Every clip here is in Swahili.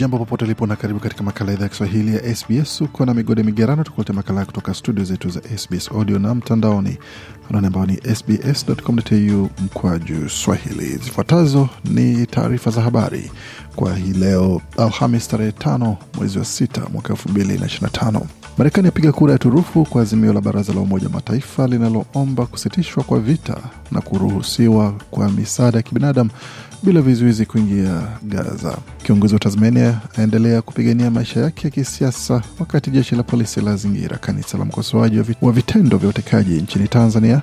jambo popote ulipo na karibu katika makala idhaa ya Kiswahili ya SBS. Uko na migode migerano, tukulete makala kutoka studio zetu za SBS audio na mtandaoni, anwani ambao ni sbs.com.au mkwaju swahili. Zifuatazo ni taarifa za habari kwa hii leo Alhamis tarehe tano mwezi wa sita mwaka elfu na na tano. Marekani yapiga kura ya turufu kwa azimio la baraza la Umoja wa Mataifa linaloomba kusitishwa kwa vita na kuruhusiwa kwa misaada ya kibinadamu bila vizuizi kuingia Gaza. Kiongozi wa Tasmania aendelea kupigania maisha yake ya kisiasa, wakati jeshi la polisi la zingira kanisa la mkosoaji wa vitendo vya utekaji nchini Tanzania,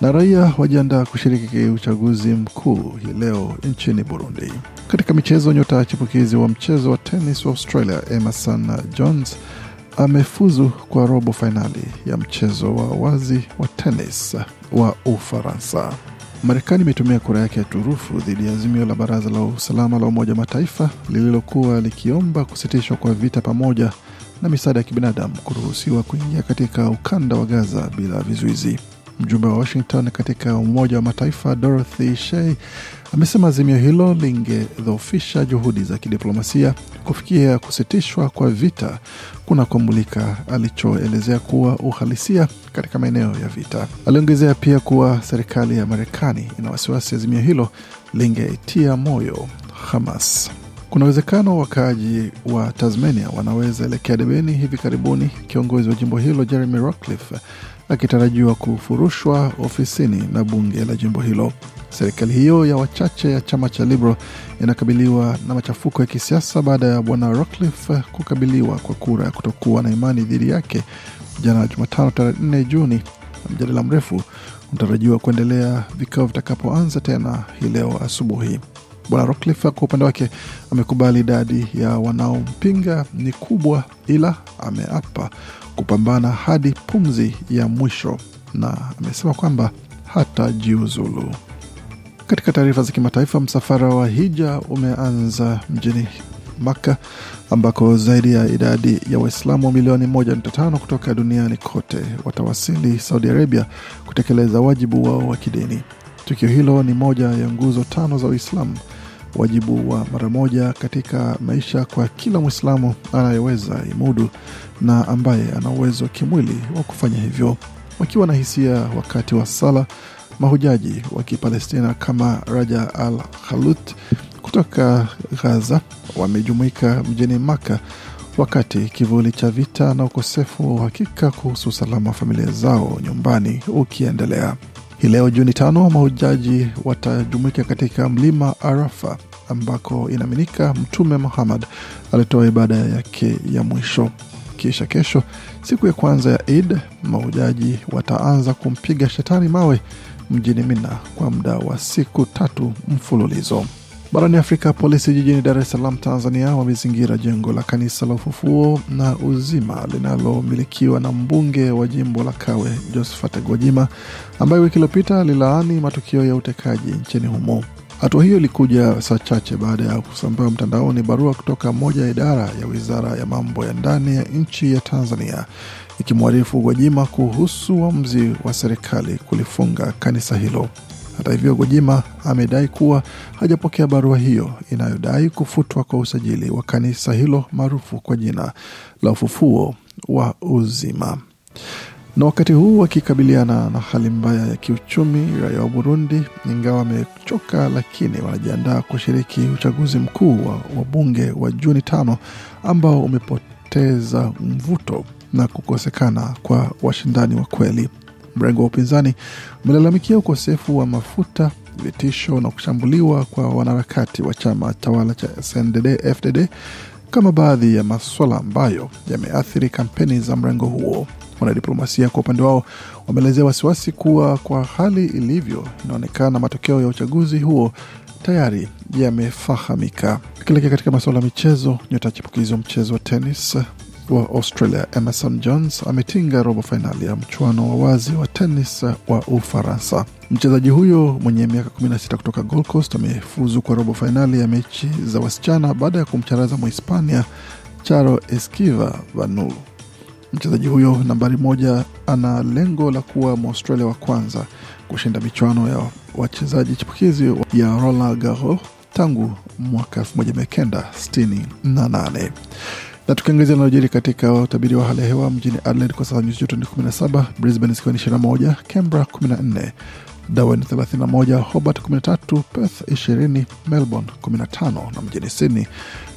na raia wajiandaa kushiriki uchaguzi mkuu hii leo nchini Burundi. Katika michezo, nyota chipukizi wa mchezo wa tenis wa Australia Emerson Jones amefuzu kwa robo fainali ya mchezo wa wazi wa tenis wa Ufaransa. Marekani imetumia kura yake ya turufu dhidi ya azimio la Baraza la Usalama la Umoja wa Mataifa lililokuwa likiomba kusitishwa kwa vita pamoja na misaada ya kibinadamu kuruhusiwa kuingia katika ukanda wa Gaza bila vizuizi. Mjumbe wa Washington katika Umoja wa Mataifa Dorothy Shea amesema azimio hilo lingedhoofisha juhudi za kidiplomasia kufikia kusitishwa kwa vita kuna kunakobulika, alichoelezea kuwa uhalisia katika maeneo ya vita. Aliongezea pia kuwa serikali ya Marekani ina wasiwasi azimio hilo lingeitia moyo Hamas. Kuna uwezekano wakaaji wa Tasmania wanaweza elekea debeni hivi karibuni, kiongozi wa jimbo hilo Jeremy Rockcliffe akitarajiwa kufurushwa ofisini na bunge la jimbo hilo. Serikali hiyo ya wachache ya chama cha Liberal inakabiliwa na machafuko ya kisiasa baada ya bwana Rockcliffe kukabiliwa kwa kura ya kutokuwa na imani dhidi yake jana Jumatano tarehe 4 Juni, na mjadala mrefu unatarajiwa kuendelea vikao vitakapoanza tena hii leo asubuhi. Bwana Rockcliffe kwa upande wake amekubali idadi ya wanaompinga ni kubwa, ila ameapa kupambana hadi pumzi ya mwisho, na amesema kwamba hatajiuzulu. Katika taarifa za kimataifa, msafara wa hija umeanza mjini Maka ambako zaidi ya idadi ya Waislamu milioni 1.5 kutoka duniani kote watawasili Saudi Arabia kutekeleza wajibu wao wa kidini. Tukio hilo ni moja ya nguzo tano za Uislamu wajibu wa mara moja katika maisha kwa kila Mwislamu anayeweza imudu na ambaye ana uwezo wa kimwili wa kufanya hivyo. Wakiwa na hisia wakati wa sala, mahujaji wa Kipalestina kama Raja Al Khalut kutoka ghaza wamejumuika mjini Maka wakati kivuli cha vita na ukosefu wa uhakika kuhusu usalama wa familia zao nyumbani ukiendelea. Hii leo Juni tano, mahujaji watajumuika katika mlima Arafa ambako inaaminika Mtume Muhammad alitoa ibada yake ya mwisho. Kisha kesho, siku ya kwanza ya Eid, mahujaji wataanza kumpiga shetani mawe mjini Mina kwa muda wa siku tatu mfululizo. Barani Afrika, polisi jijini Dar es Salaam, Tanzania, wamezingira jengo la kanisa la Ufufuo na Uzima linalomilikiwa na mbunge wa jimbo la Kawe, Josephat Gwajima, ambaye wiki iliyopita lilaani matukio ya utekaji nchini humo. Hatua hiyo ilikuja saa chache baada ya kusambaa mtandaoni barua kutoka moja ya idara ya wizara ya mambo ya ndani ya nchi ya Tanzania ikimwarifu Gwajima kuhusu uamuzi wa serikali kulifunga kanisa hilo. Hata hivyo, Gwajima amedai kuwa hajapokea barua hiyo inayodai kufutwa kwa usajili wa kanisa hilo maarufu kwa jina la Ufufuo wa Uzima. Na wakati huu akikabiliana na hali mbaya ya kiuchumi, raia wa Burundi ingawa wamechoka, lakini wanajiandaa kushiriki uchaguzi mkuu wa wabunge wa Juni tano ambao umepoteza mvuto na kukosekana kwa washindani wa kweli. Mrengo wa upinzani umelalamikia ukosefu wa mafuta, vitisho na kushambuliwa kwa wanaharakati wa chama tawala cha SNDD FDD kama baadhi ya maswala ambayo yameathiri kampeni za mrengo huo. Wanadiplomasia kwa upande wao wameelezea wasiwasi kuwa kwa hali ilivyo, inaonekana matokeo ya uchaguzi huo tayari yamefahamika. Tukielekea katika masuala ya michezo, nyota chipukizo mchezo wa tenis wa Australia Emerson Jones ametinga robo fainali ya mchuano wa wazi wa tenis wa Ufaransa. Mchezaji huyo mwenye miaka 16 kutoka Gold Coast amefuzu kwa robo fainali ya mechi za wasichana baada ya kumcharaza Mhispania Charo Esquiva Vanul Mchezaji huyo nambari moja ana lengo la kuwa Mwaustralia wa kwanza kushinda michuano ya wachezaji chipukizi ya Roland Garros tangu mwaka 1968 na tukiangazia linalojiri katika utabiri wa hali ya hewa mjini Adelaide kwa sasa nyuzi joto ni 17, Brisbane zikiwa ni 21, Canberra 14, Darwin 31, Hobart 13, Perth 20, Melbourne 15 na mjini Sydney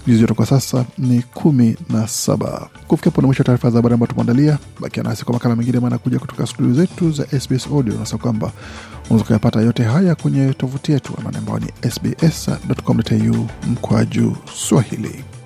nyuzi joto kwa sasa ni 17 Kufikia hapo ni mwisho wa taarifa za habari ambayo tumeandalia. Bakia nasi kwa makala mengine kuja kutoka studio zetu za SBS Audio, nasa kwamba unaweza kuyapata yote haya kwenye tovuti yetu ambayo ni sbs.com.au mkwaju Swahili.